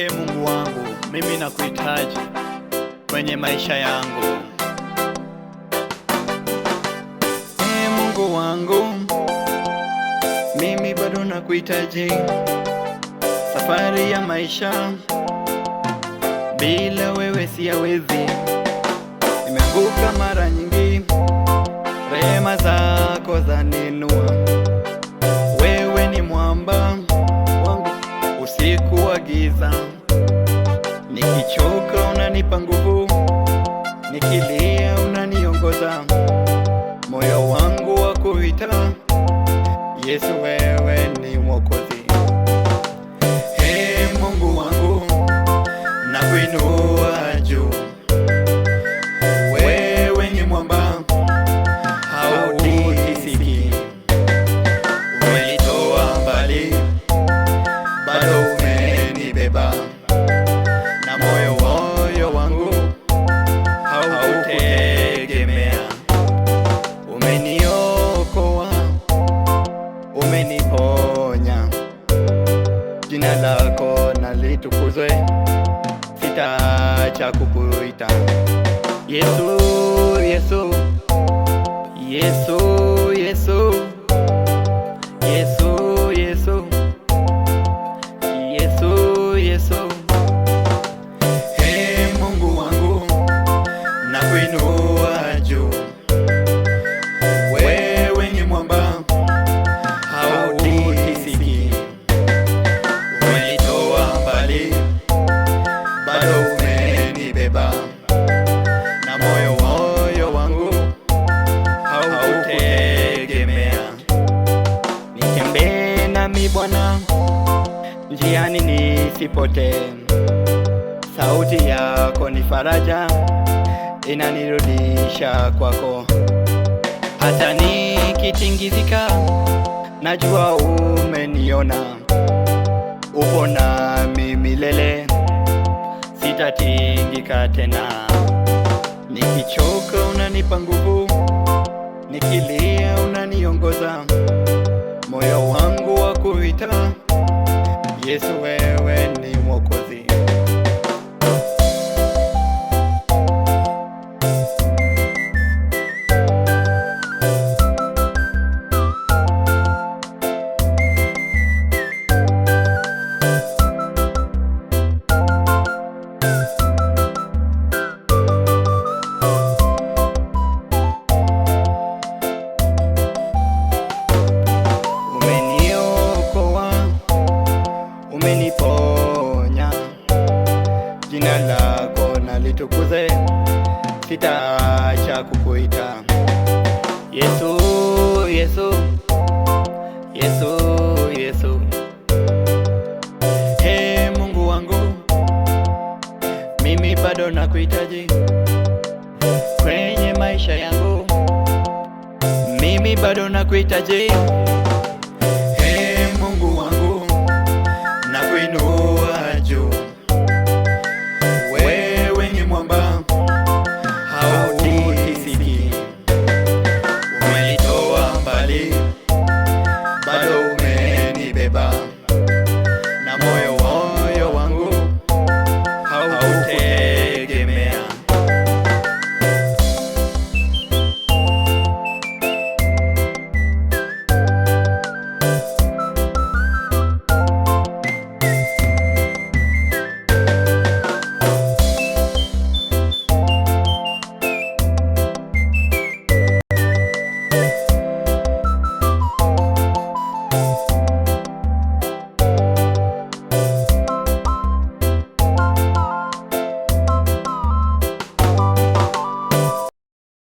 Ee Mungu wangu, mimi nakuhitaji kwenye maisha yangu. Ee Mungu wangu, mimi bado nakuhitaji. Safari ya maisha bila wewe siyawezi, nimeanguka mara Usiku giza nikichoka, unanipa nguvu, nikilia, unaniongoza, moyo wangu wakuita Yesu wewe umeniponya, jina lako na litukuzwe, sitaacha kukuita Yesu, Yesu, Yesu, Yesu, Yesu, Yesu, Yesu, Yesu. Hey Mungu wangu, nakuinua juu nisipotee. Sauti yako ni faraja, inanirudisha kwako. Hata nikitingizika, najua umeniona, upo nami milele, sitatingika tena. Nikichoka unanipa nguvu, nikilia unaniongoza, moyo wangu wa kuita Yesu wewe sitaacha kukuita Yesu, Yesu, Yesu, Yesu. He Mungu wangu, mimi bado nakuhitaji kwenye maisha yangu, mimi bado nakuhitaji.